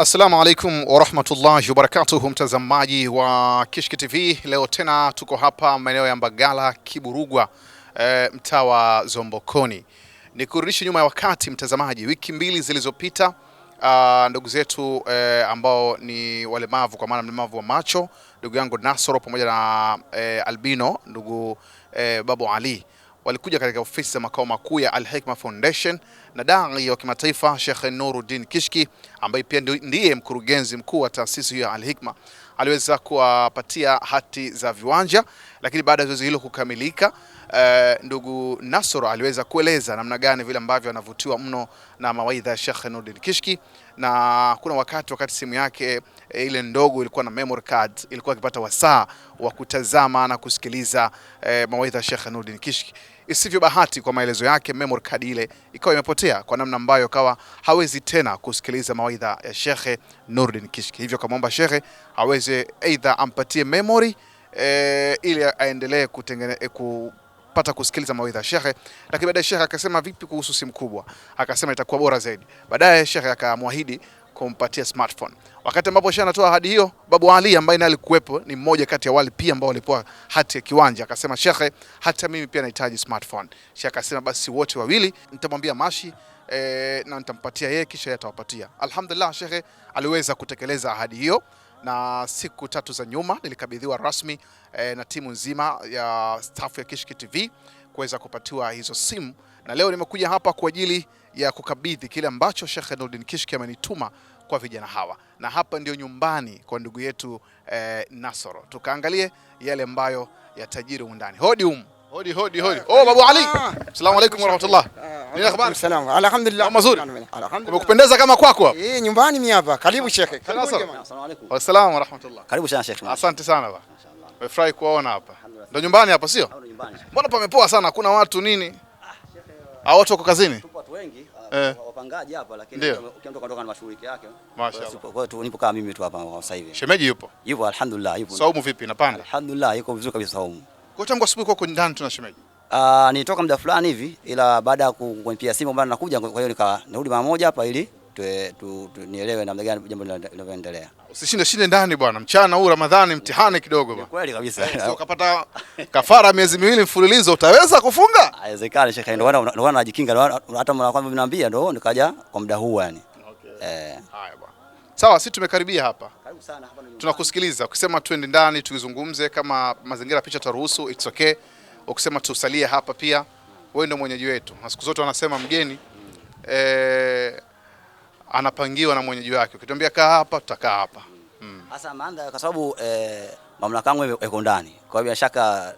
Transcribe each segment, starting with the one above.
Assalamu alaikum warahmatullahi wabarakatuhu, mtazamaji wa Kishki TV, leo tena tuko hapa maeneo ya Mbagala Kiburugwa, e, mtaa wa Zombokoni. Ni nyuma ya wakati mtazamaji, wiki mbili zilizopita ah, ndugu zetu e, ambao ni walemavu kwa maana mlemavu wa macho ndugu yangu Nasoro pamoja na e, albino ndugu e, Babu Ali walikuja katika ofisi ya makao makuu ya Al Hikma Foundation na dai wa kimataifa Sheikh Nuruddin Kishki ambaye pia ndiye mkurugenzi mkuu wa taasisi hiyo ya Al Hikma aliweza kuwapatia hati za viwanja, lakini baada ya zoezi hilo kukamilika Eh, ndugu Nasoro aliweza kueleza namna gani vile ambavyo anavutiwa mno na mawaidha ya Sheikh Nuruddin Kishki, na kuna wakati wakati simu yake e, ile ndogo ilikuwa na memory card, ilikuwa akipata wasaa wa kutazama na kusikiliza e, mawaidha ya Sheikh Nuruddin Kishki. Isivyo bahati, kwa maelezo yake, memory card ile ikawa imepotea kwa namna ambayo akawa hawezi tena kusikiliza mawaidha ya Sheikh Nuruddin Kishki, hivyo kamwomba Sheikh aweze aidha ampatie memory e, ili aendelee pata kusikiliza mawaidha shekhe. Lakini baadaye shekhe akasema vipi kuhusu simu kubwa? Akasema itakuwa bora zaidi. Baadaye shekhe akamwahidi kumpatia smartphone. Wakati ambapo shekhe anatoa ahadi hiyo, Babu Ali ambaye naye alikuwepo ni mmoja kati ya wale pia ambao walipewa hati ya kiwanja, akasema shekhe, hata mimi pia nahitaji smartphone. Shekhe akasema basi wote wawili nitamwambia Mashi e, na nitampatia yeye kisha yeye atawapatia. Alhamdulillah, shekhe aliweza kutekeleza ahadi hiyo na siku tatu za nyuma nilikabidhiwa rasmi e, na timu nzima ya stafu ya Kishki TV kuweza kupatiwa hizo simu, na leo nimekuja hapa kwa ajili ya kukabidhi kile ambacho Sheikh Nuruddin Kishki amenituma kwa vijana hawa, na hapa ndio nyumbani kwa ndugu yetu e, Nasoro. Tukaangalie yale ambayo yatajiri undani. hodium Hodi hodi hodi. Oh Babu Ali. Asalamu ah. alaykum warahmatullah. Ah, nini habari? Salaam. Alhamdulillah. Mazuri. Alhamdulillah. Umekupendeza kama kwako hapa? Eh, nyumbani ni hapa. Karibu ah, Sheikh. Karibu jamaa. Asalamu alaykum. Wa salaam warahmatullah. Karibu sana Sheikh. Asante sana ba. Umefurahi kuona hapa. Ndio nyumbani hapa sio? Mbona pamepoa sana? Kuna watu nini? Uh, ah, watu wako kazini? Tupo watu wengi. Uh, eh. Wapangaji hapa lakini ukiondoka kutoka na mashughuli yake. Mashaallah. Kwa hiyo nipo kama mimi tu hapa sasa hivi. Shemeji yupo? Yupo alhamdulillah yupo. Saumu vipi? Napanda. Alhamdulillah yuko vizuri kabisa saumu. Kwa tangu asubuhi kwa kwenye ndani tunashemeje? Ah, nilitoka muda fulani hivi ila baada ya kunipigia simu bwana nakuja, kwa hiyo nika narudi mara moja hapa ili nielewe namna gani jambo linavyoendelea. Usishinde shinde ndani bwana, mchana huu Ramadhani mtihani kidogo bwana. Kweli kabisa. Eh, Sio ukapata kafara miezi miwili mfululizo utaweza kufunga? Haiwezekani shekhe, ndio bwana bwana anajikinga hata mara kwanza mnaambia ndio nikaja kwa muda huu yani. Okay. Eh. Haya bwana. Sawa, sisi tumekaribia hapa sana hapa na tunakusikiliza. Ukisema twende ndani tuizungumze, kama mazingira picha taruhusu, it's okay. Ukisema tusalie hapa pia, wewe ndio mwenyeji wetu, na siku zote wanasema mgeni eh, anapangiwa na mwenyeji wake. Ukituambia kaa hapa, tutakaa hapa mm. hasa maana kwa sababu eh, mamlaka yangu iko ndani, kwa hiyo bila shaka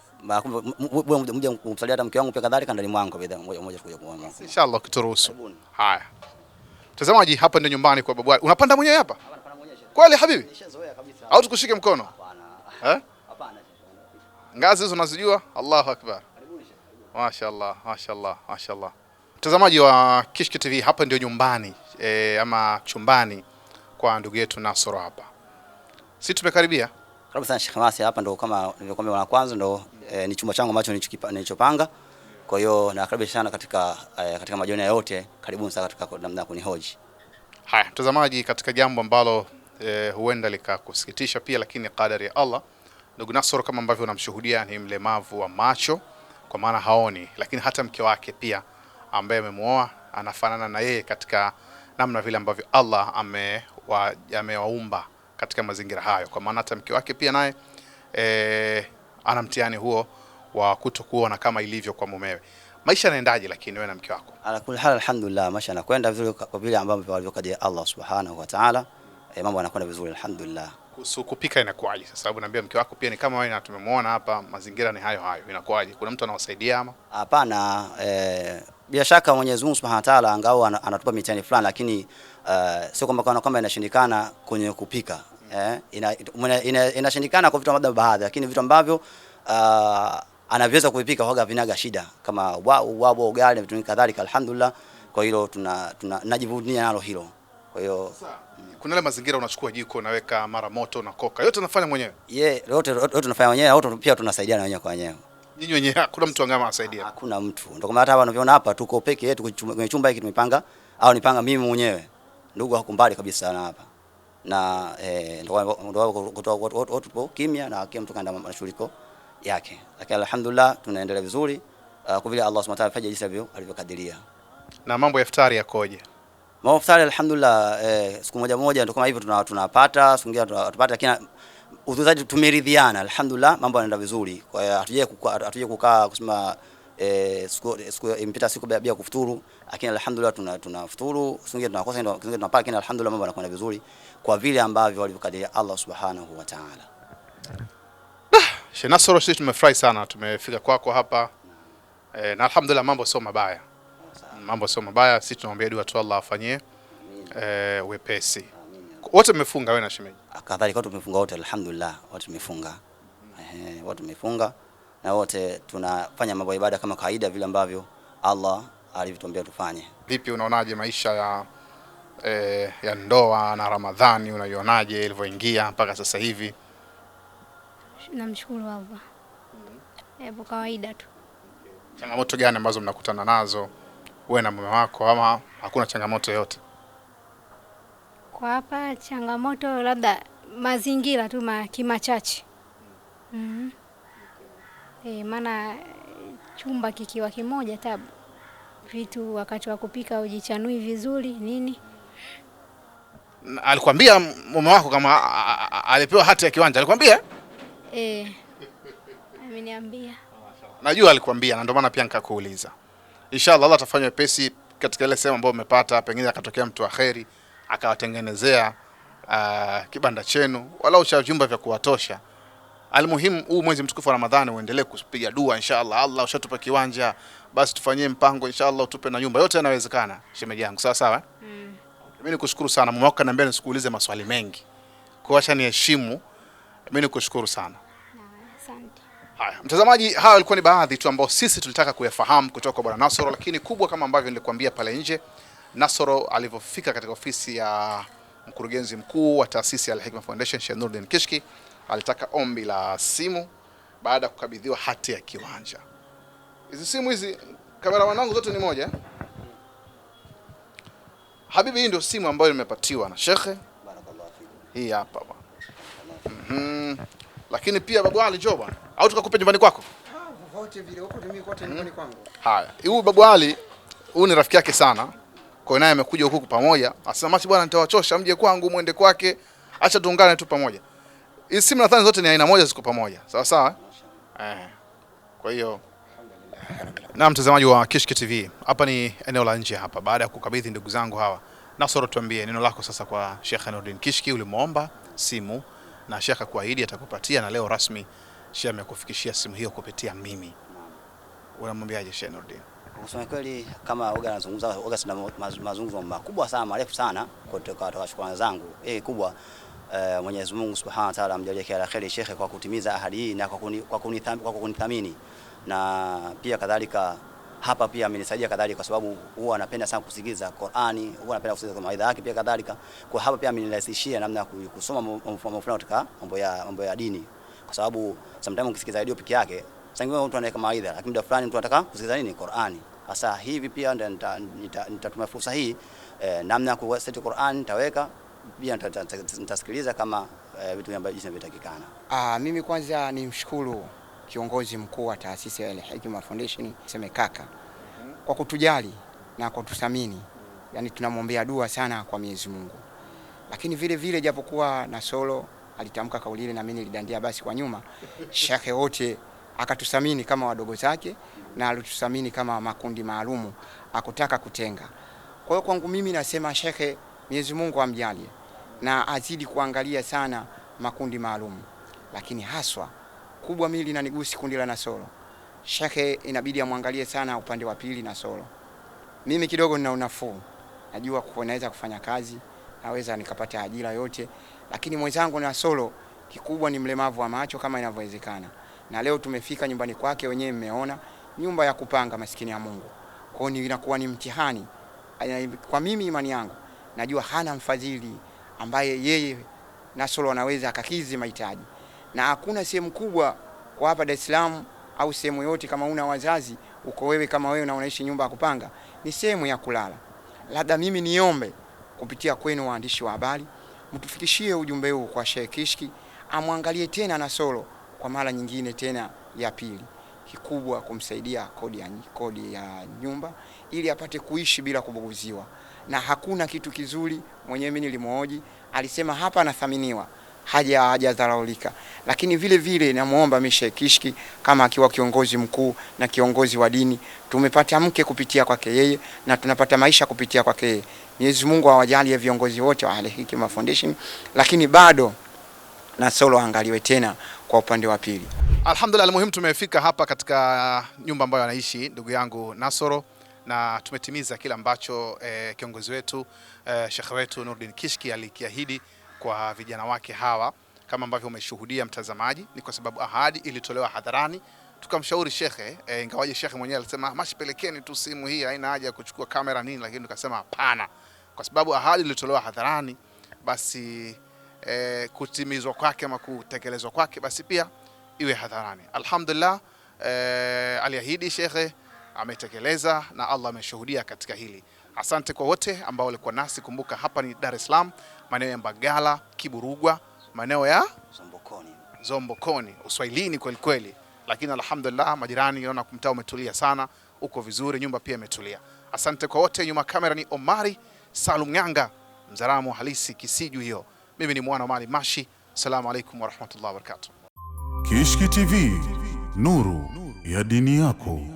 mje kumsalia hata mke wangu pia kadhalika ndani mwangu bidha moja moja kuja kuona, inshallah ukituruhusu. Haya, mtazamaji, hapa ndio nyumbani kwa babu. Unapanda mwenyewe hapa. Kweli habibi? Au tukushike mkono? Hapana. Eh? Ngazi hizo unazijua? Allahu Akbar. Mashaallah, mashaallah, mashaallah. Mtazamaji wa Kishki TV, hapa ndio nyumbani e, ama chumbani kwa ndugu yetu Nasoro hapa. Si tumekaribia? Karibu sana Sheikh Masi, hapa ndo kama nilivyokuambia mara kwanza ndo e, ni chumba changu ambacho nilichopanga. Kwa hiyo nakaribisha sana katika e, katika majoni yote. Karibuni sana katika namna kunihoji. Haya, mtazamaji, katika jambo ambalo eh, huenda likakusikitisha pia, lakini kadari ya Allah. Ndugu Nasor kama ambavyo unamshuhudia ni mlemavu wa macho kwa maana haoni, lakini hata mke wake pia ambaye amemwoa anafanana na yeye katika namna vile ambavyo Allah amewaumba ame katika mazingira hayo, kwa maana hata mke wake pia naye eh, ana mtihani huo wa kutokuona kama ilivyo kwa mumewe. Maisha yanaendaje lakini wewe na mke wako? Ala kulli hal, alhamdulillah, maisha yanakwenda vizuri kwa vile ambavyo alivyokadiria Allah subhanahu wa ta'ala e, mambo yanakwenda vizuri alhamdulillah. Kuhusu kupika inakuwaje sasa, sababu naambia mke wako pia ni kama wewe na tumemwona hapa, mazingira ni hayo hayo, inakuwaje? Kuna mtu anawasaidia ama hapana? E, bila shaka Mwenyezi Mungu Subhanahu wa Ta'ala angao anatupa mitihani fulani, lakini uh, sio kwamba kana kwamba inashindikana kwenye kupika eh, inashindikana kwa vitu labda baadhi, lakini vitu ambavyo uh, ah, anavyoweza kuvipika waga vinaga shida kama wao wao ugali na vitu kadhalika, alhamdulillah. Kwa hilo tuna, tuna najivunia nalo hilo. Kwa hiyo kuna ile mazingira unachukua jiko unaweka mara moto na koka yote unafanya mwenyewe yeah, yote yote tunafanya mwenyewe au pia tunasaidiana wenyewe kwa wenyewe. Nyinyi wenyewe hakuna mtu angama asaidia? Hakuna mtu, ndio kwa hata hapa unaviona hapa tuko peke yetu kwenye chumba hiki tumepanga, au nipanga mimi mwenyewe, ndugu hako mbali kabisa na hapa na eh, ndio kutoa tupo kimya na kila mtu kaenda mashughuliko yake, lakini alhamdulillah tunaendelea vizuri ah, kwa vile Allah subhanahu wa ta'ala fanya jinsi alivyokadiria. Na mambo ya iftari yakoje? Maftari alhamdulillah, eh, siku moja moja ndio kama hivyo tunapata, tuna nyingine tunapata, lakini utunzaji tumeridhiana, alhamdulillah, mambo yanaenda vizuri. Kwa hiyo hatuje hatuje kukaa kusema eh, siku imepita siku bila kufuturu, lakini alhamdulillah tuna tunafuturu, siku tunakosa, ndio siku tunapata, lakini alhamdulillah mambo yanakwenda vizuri kwa vile ambavyo walivyokadiria Allah subhanahu wa ta'ala. Sheikh Nasoro, sisi tumefurahi sana tumefika kwako hapa eh, na alhamdulillah mambo sio mabaya mambo sio mabaya, sisi tunaombea dua tu Allah afanyie eh, wepesi. Wote mmefunga wewe na shemeji? Kadhalika wote tumefunga wote, alhamdulillah wote tumefunga. Eh, wote tumefunga na wote tunafanya mambo ya ibada kama kawaida vile ambavyo Allah alivyotuambia tufanye. Vipi, unaonaje maisha ya e, ya ndoa na Ramadhani unaionaje ilivyoingia mpaka sasa hivi? Namshukuru Allah. Hebu kawaida tu. Changamoto gani ambazo mnakutana nazo? wewe na mume wako, ama hakuna changamoto yoyote kwa hapa? Changamoto labda mazingira tu kimachache. mm -hmm. E, maana chumba kikiwa kimoja tabu, vitu wakati wa kupika ujichanui vizuri nini. Alikwambia mume wako kama alipewa hati ya kiwanja? Alikwambia eh? Ameniambia, najua alikwambia, na ndio maana pia nikakuuliza. Inshallah Allah atafanya pesi katika ile sehemu ambayo umepata, pengine akatokea mtu aheri akawatengenezea uh, kibanda chenu wala cha vyumba vya kuwatosha. Almuhimu, huu mwezi mtukufu wa Ramadhani uendelee kupiga dua inshallah. Allah ushatupa kiwanja, basi tufanyie mpango inshallah, utupe na nyumba. Yote yanawezekana, shemeji yangu, sawa sawa. Mm. Mimi nikushukuru sana, mume wako ananiambia nisikuulize maswali mengi, kwa acha niheshimu. Mimi nikushukuru sana. Asante. Haya mtazamaji, hayo alikuwa ni baadhi tu ambayo sisi tulitaka kuyafahamu kutoka kwa bwana Nasoro, lakini kubwa kama ambavyo nilikuambia pale nje, Nasoro alivyofika katika ofisi ya mkurugenzi mkuu wa taasisi ya Al Hikma Foundation Sheikh Nurdin Kishki alitaka ombi la simu baada ya kukabidhiwa hati ya kiwanja. Hizi simu hizi, kamera wanangu, zote ni moja habibi. Hii ndio simu ambayo nimepatiwa na shekhe, hii hapa bwana. Mhm lakini pia babu Ali, njoo bwana, au tukakupe nyumbani kwako. Mhm. Haya, huyu babu Ali huyu ni rafiki yake sana, kwa hiyo naye amekuja huku pamoja, asema basi bwana, nitawachosha mje kwangu mwende kwake, acha tuungane tu pamoja. Hii simu nadhani zote ni aina moja, ziko pamoja, sawa sawa. Eh, kwa hiyo na mtazamaji wa Kishki TV, hapa ni eneo la nje hapa, baada ya kukabidhi ndugu zangu hawa. Nasoro, tuambie neno lako sasa kwa Sheikh Nuruddin Kishki, ulimwomba simu na Sheikh akuahidi atakupatia, na leo rasmi Sheikh amekufikishia simu hiyo kupitia mimi. Unamwambiaje Sheikh Nurdin? Kusema kweli kama Oga anazungumza, Oga sina mazungumzo makubwa sana marefu sana kutoka kutoka shukrani zangu eh kubwa Uh, Mwenyezi Mungu Subhanahu wa Ta'ala amjalie kila kheri Sheikh kwa kutimiza ahadi hii na kwa kunithamini na pia kadhalika hapa pia amenisaidia kadhalika, kwa sababu huwa anapenda sana kusikiliza Qur'ani, huwa anapenda kusikiliza mawaidha yake pia kadhalika. Kwa hapa pia amenirahisishia namna ya kusoma mambo fulani katika mambo ya mambo ya dini, kwa sababu sometimes ukisikiza radio peke yake sangine mtu anaweka mawaidha, lakini muda fulani mtu anataka kusikiliza nini? Qur'ani. Sasa hivi pia nitatumia fursa hii eh, namna ya kuseti Qur'ani nitaweka pia nitasikiliza kama eh, vitu ambavyo jinsi vinavyotakikana. Ah, mimi kwanza nimshukuru kiongozi mkuu wa taasisi ya Al-Hikma Foundation Seme Kaka kwa kutujali na kwa kututhamini, yani tunamwombea dua sana kwa Mwenyezi Mungu. Lakini vile vile japokuwa solo alitamka kauli ile, na mimi nilidandia basi kwa nyuma, shekhe wote akatuthamini kama wadogo zake na alituthamini kama makundi maalumu, akutaka kutenga. Kwa hiyo kwangu mimi nasema shekhe, Mwenyezi Mungu amjalie na azidi kuangalia sana makundi maalumu, lakini haswa kubwa mimi linanigusi kundi la Nasoro. Shekhe inabidi amwangalie sana upande wa pili Nasoro. Mimi kidogo nina unafuu, najua naweza kufanya kazi, naweza nikapata ajira yote, lakini mwenzangu Nasoro kikubwa ni mlemavu wa macho kama inavyowezekana, na leo tumefika nyumbani kwake, wenyewe mmeona nyumba ya kupanga, maskini ya Mungu. Kwa hiyo inakuwa ni mtihani kwa mimi, imani yangu najua hana mfadhili ambaye yeye Nasoro anaweza akakizi mahitaji na hakuna sehemu kubwa kwa hapa Dar es Salaam au sehemu yote, kama una wazazi uko wewe kama wewe na unaishi nyumba ya kupanga, ni sehemu ya kulala. Labda mimi niombe kupitia kwenu waandishi wa habari, mtufikishie ujumbe huu kwa Sheikh Kishki, amwangalie tena Nasoro kwa mara nyingine tena ya pili, kikubwa kumsaidia kodi ya, kodi ya nyumba ili apate kuishi bila kubuguziwa, na hakuna kitu kizuri. Mwenyewe mimi nilimhoji, alisema hapa anathaminiwa haja hajadharaulika. Lakini vile vile namuomba Misha Kishki kama akiwa kiongozi mkuu na kiongozi wa dini, tumepata mke kupitia kwake yeye na tunapata maisha kupitia kwake yeye. Mwenyezi Mungu awajalie viongozi wote wa Al Hikma Foundation, lakini bado na solo angaliwe tena kwa upande wa pili. Alhamdulillah, muhimu tumefika hapa katika nyumba ambayo anaishi ndugu yangu Nasoro na tumetimiza kile ambacho eh, kiongozi wetu eh, Sheikh wetu Nurdin Kishki alikiahidi kwa vijana wake hawa. Kama ambavyo umeshuhudia mtazamaji, ni kwa sababu ahadi ilitolewa hadharani, tukamshauri shekhe e, ingawaje shekhe mwenyewe alisema ah, mashipelekeni tu simu hii, haina haja ya kuchukua kamera nini, lakini tukasema hapana, kwa sababu ahadi ilitolewa hadharani, basi e, kutimizwa kwake ama kutekelezwa kwake basi pia iwe hadharani. Alhamdulillah, e, aliahidi shekhe ametekeleza na Allah ameshuhudia katika hili. Asante kwa wote ambao walikuwa nasi. Kumbuka hapa ni Dar es Salaam, maeneo ya Mbagala, Kiburugwa, maeneo ya Zombokoni, Zombokoni uswahilini kweli kweli, lakini alhamdulillah, majirani naona mtaa umetulia sana, uko vizuri, nyumba pia imetulia. Asante kwa wote. Nyuma kamera ni Omari Salum Ng'anga, Mzaramo halisi Kisiju hiyo. Mimi ni mwana Mali Mashi. Assalamu alaikum warahmatullahi wabarakatuh. Kishki TV, nuru ya dini yako.